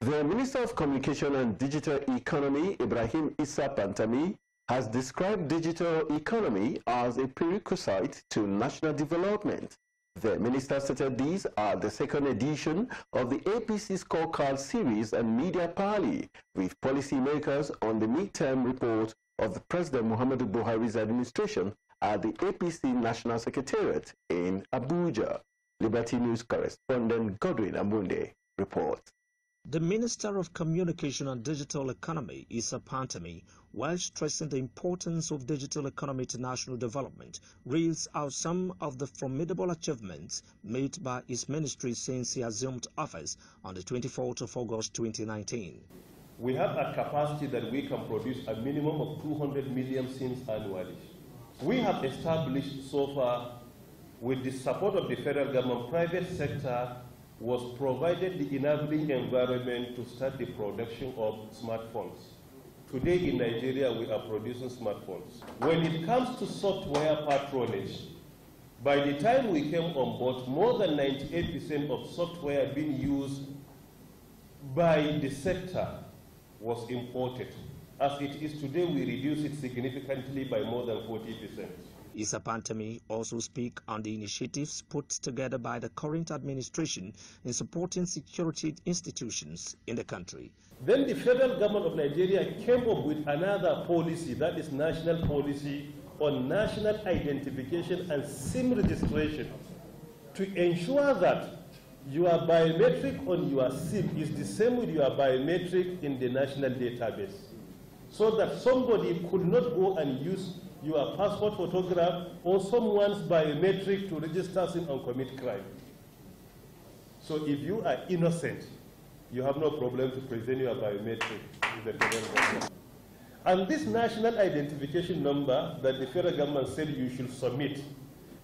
The Minister of Communication and Digital Economy, Ibrahim Issa Pantami, has described digital economy as a prerequisite to national development. The minister stated these are the second edition of the APC scorecard series and media parley with policymakers on the midterm report of the President Muhammadu Buhari's administration at the APC National Secretariat in Abuja. Liberty News correspondent Godwin Amunde reports. The Minister of Communication and Digital Economy, Issa Pantami, while stressing the importance of digital economy to national development, reels out some of the formidable achievements made by his ministry since he assumed office on the 24th of August 2019. We have a capacity that we can produce a minimum of 200 million SIMs annually. We have established so far, with the support of the federal government, private sector was provided the enabling environment to start the production of smartphones. Today in Nigeria, we are producing smartphones. When it comes to software patronage, by the time we came on board, more than 98% of software being used by the sector was imported. As it is today, we reduce it significantly by more than 40%. Issa Pantami also speak on the initiatives put together by the current administration in supporting security institutions in the country. Then the federal government of Nigeria came up with another policy, that is national policy on national identification and SIM registration to ensure that your biometric on your SIM is the same with your biometric in the national database so that somebody could not go and use your passport photograph or someone's biometric to register sin and commit crime. So if you are innocent, you have no problem to present your biometric to the federal government. And this national identification number that the federal government said you should submit,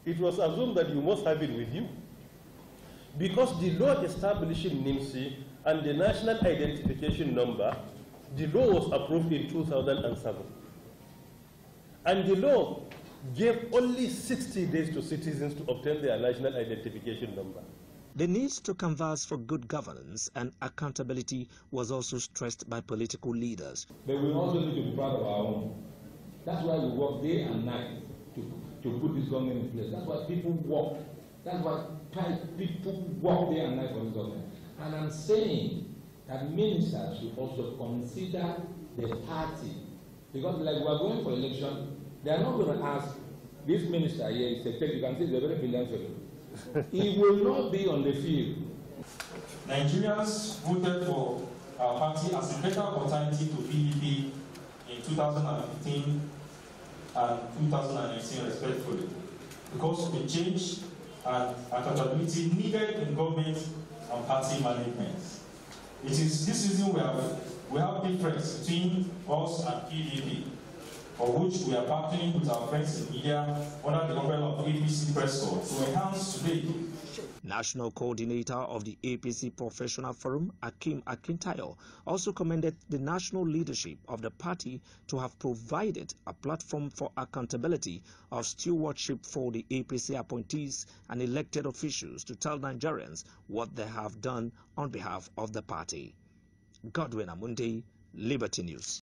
it was assumed that you must have it with you. Because the law establishing NIMSI and the national identification number, the law was approved in 2007. And the law gave only 60 days to citizens to obtain their national identification number. The need to converse for good governance and accountability was also stressed by political leaders. But we also need to be proud of our own. That's why we work day and night to, to put this government in place. That's why people work. That's why people work day and night for this government. And I'm saying that ministers should also consider the party because like we are going for election, they are not going to ask, this minister here is a tech, you can see he's a very brilliant he will not be on the field. Nigerians voted for our party as a better opportunity to PDP in 2015 and 2018 respectfully because of the change and accountability needed in government and party management. It is this reason we have we have difference between us and PDP, for which we are partnering with our friends in media under the umbrella of APC Press Corps to enhance today National coordinator of the APC Professional Forum, Akim Akintayo, also commended the national leadership of the party to have provided a platform for accountability of stewardship for the APC appointees and elected officials to tell Nigerians what they have done on behalf of the party. Godwin Amundi, Liberty News.